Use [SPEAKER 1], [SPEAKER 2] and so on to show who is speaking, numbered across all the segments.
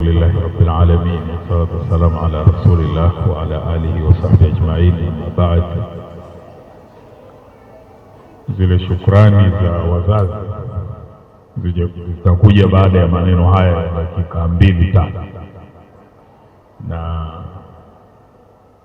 [SPEAKER 1] لله رب wassalatu والصلاة ala rasulillah رسول الله وعلى آله وصحبه أجمعين أما بعد zile shukrani za wazazi zitakuja baada ya maneno haya ya dakika mbili tatu, na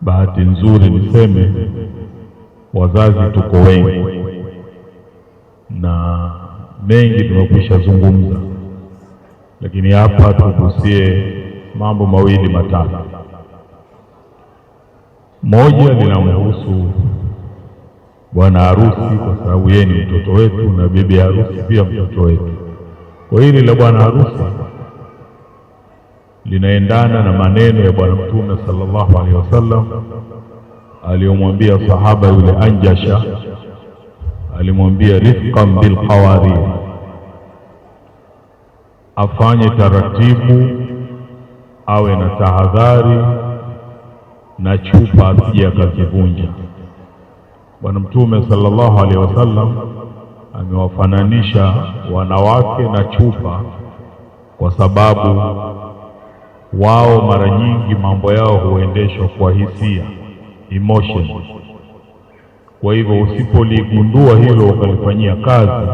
[SPEAKER 1] bahati nzuri niseme wazazi tuko wengi na mengi tumekwisha zungumza lakini hapa tugusie mambo mawili matatu. Moja linamhusu bwana harusi, kwa sababu yeye ni mtoto wetu na bibi harusi pia mtoto wetu. Kwa hili la bwana harusi linaendana na maneno ya Bwana Mtume sallallahu alaihi wasallam aliyomwambia sahaba yule Anjasha, alimwambia rifqan bil afanye taratibu, awe na tahadhari na chupa asije akazivunja. Bwana Mtume sallallahu alaihi wasallam amewafananisha wanawake na chupa, kwa sababu wao mara nyingi mambo yao huendeshwa kwa hisia, emotion. Kwa hivyo usipoligundua hilo ukalifanyia kazi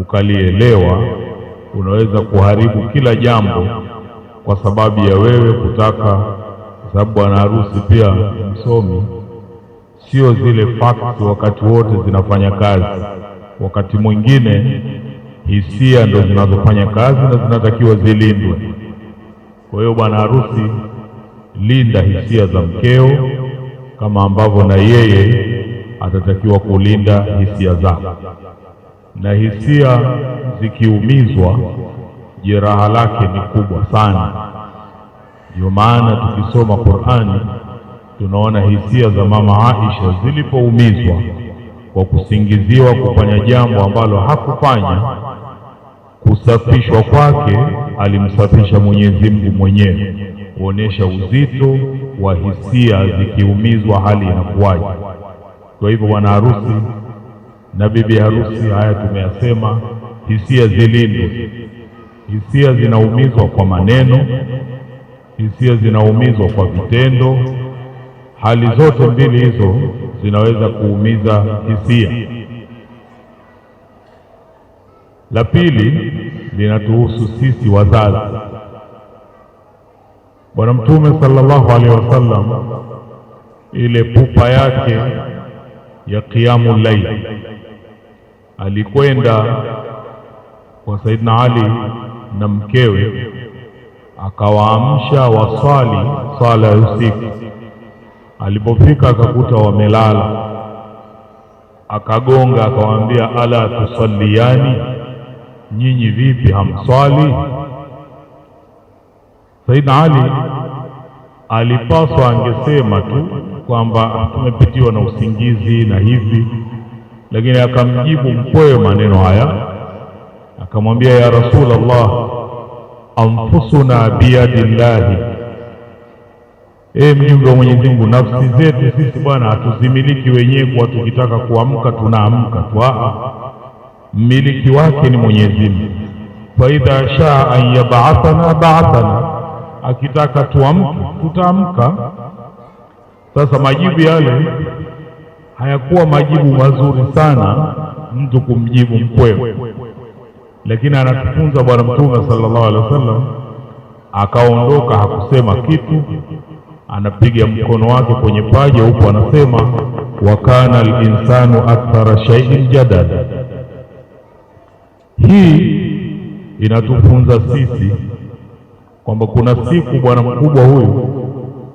[SPEAKER 1] ukalielewa unaweza kuharibu kila jambo kwa sababu ya wewe kutaka, kwa sababu bwana harusi pia msomi, sio zile facts wakati wote zinafanya kazi. Wakati mwingine hisia ndo zinazofanya kazi na zinatakiwa zilindwe. Kwa hiyo bwana harusi, linda hisia za mkeo kama ambavyo na yeye atatakiwa kulinda hisia zako na hisia zikiumizwa, jeraha lake ni kubwa sana. Ndio maana tukisoma Qur'ani tunaona hisia za mama Aisha zilipoumizwa kwa kusingiziwa kufanya jambo ambalo hakufanya, kusafishwa kwake alimsafisha Mwenyezi Mungu mwenyewe, kuonesha uzito wa hisia zikiumizwa hali inakuwaje. Kwa hivyo wanaharusi harusi na bibi harusi. Haya tumeyasema, hisia zilindwe. Hisia zinaumizwa kwa maneno, hisia zinaumizwa kwa vitendo. Hali zote mbili hizo zinaweza kuumiza hisia. La pili linatuhusu sisi wazazi. Bwana Mtume sallallahu alaihi wasallam ile pupa yake ya qiyamu layl. alikwenda kwa Saidina Ali na mkewe akawaamsha waswali swala ya usiku. Alipofika akakuta wamelala, akagonga akawaambia, ala tusalliyani, nyinyi vipi hamswali? Saidina Ali alipaswa angesema tu kwamba tumepitiwa na usingizi na hivi, lakini akamjibu mkwewe maneno haya, akamwambia ya Rasulullah, anfusuna biyadillahi, e mjumbe wa Mwenyezi Mungu, nafsi zetu sisi bwana hatuzimiliki wenyewe, kwa tukitaka kuamka tunaamka tu, mmiliki wake ni Mwenyezi Mungu. Fa idha shaa an yab'athana ba'athana akitaka tuamke, tutaamka. Sasa majibu yale hayakuwa majibu mazuri sana mtu kumjibu mkwewe, lakini anatufunza Bwana Mtume sallallahu alaihi wasallam, akaondoka hakusema kitu, anapiga mkono wake kwenye paja, huko, anasema wa kana al-insanu akthara shay'in jadal. Hii inatufunza sisi kwamba kuna siku bwana mkubwa huyu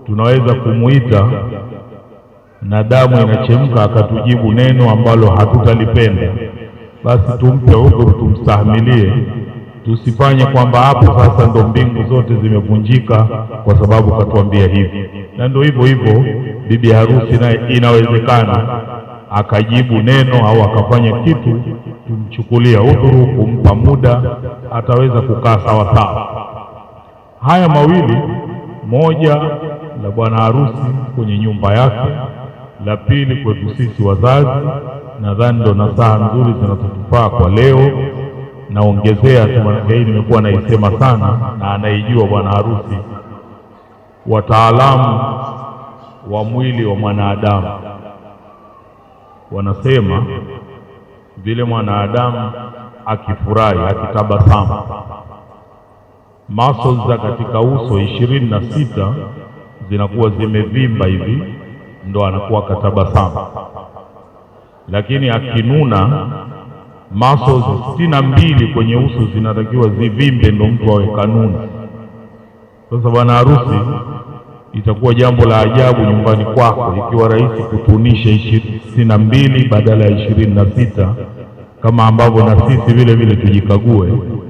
[SPEAKER 1] tunaweza kumuita na damu inachemka, akatujibu neno ambalo hatutalipenda. Basi tumpe udhuru, tumstahimilie, tusifanye kwamba hapo sasa ndo mbingu zote zimevunjika kwa sababu katuambia hivi. Na ndo hivyo hivyo bibi harusi naye inawezekana akajibu neno au akafanya kitu, tumchukulia udhuru, kumpa muda, ataweza kukaa sawa sawa haya mawili, moja la bwana harusi kwenye nyumba yake, la pili kwetu sisi wazazi. Nadhani ndo nasaha nzuri zinazotufaa kwa leo. Naongezea tu, maana hii nimekuwa naisema sana na anaijua bwana harusi. Wataalamu wa mwili wa mwanadamu wanasema vile mwanadamu akifurahi, akitabasamu muscles za katika uso ishirini na sita zinakuwa zimevimba hivi, ndo anakuwa katabasamu. Lakini akinuna muscles sitini na mbili kwenye uso zinatakiwa zivimbe, ndo mtu awe kanuni. Sasa bwana harusi, itakuwa jambo la ajabu nyumbani kwako ikiwa rahisi kutunisha sitini na mbili badala ya ishirini na sita kama ambavyo na sisi vile vile tujikague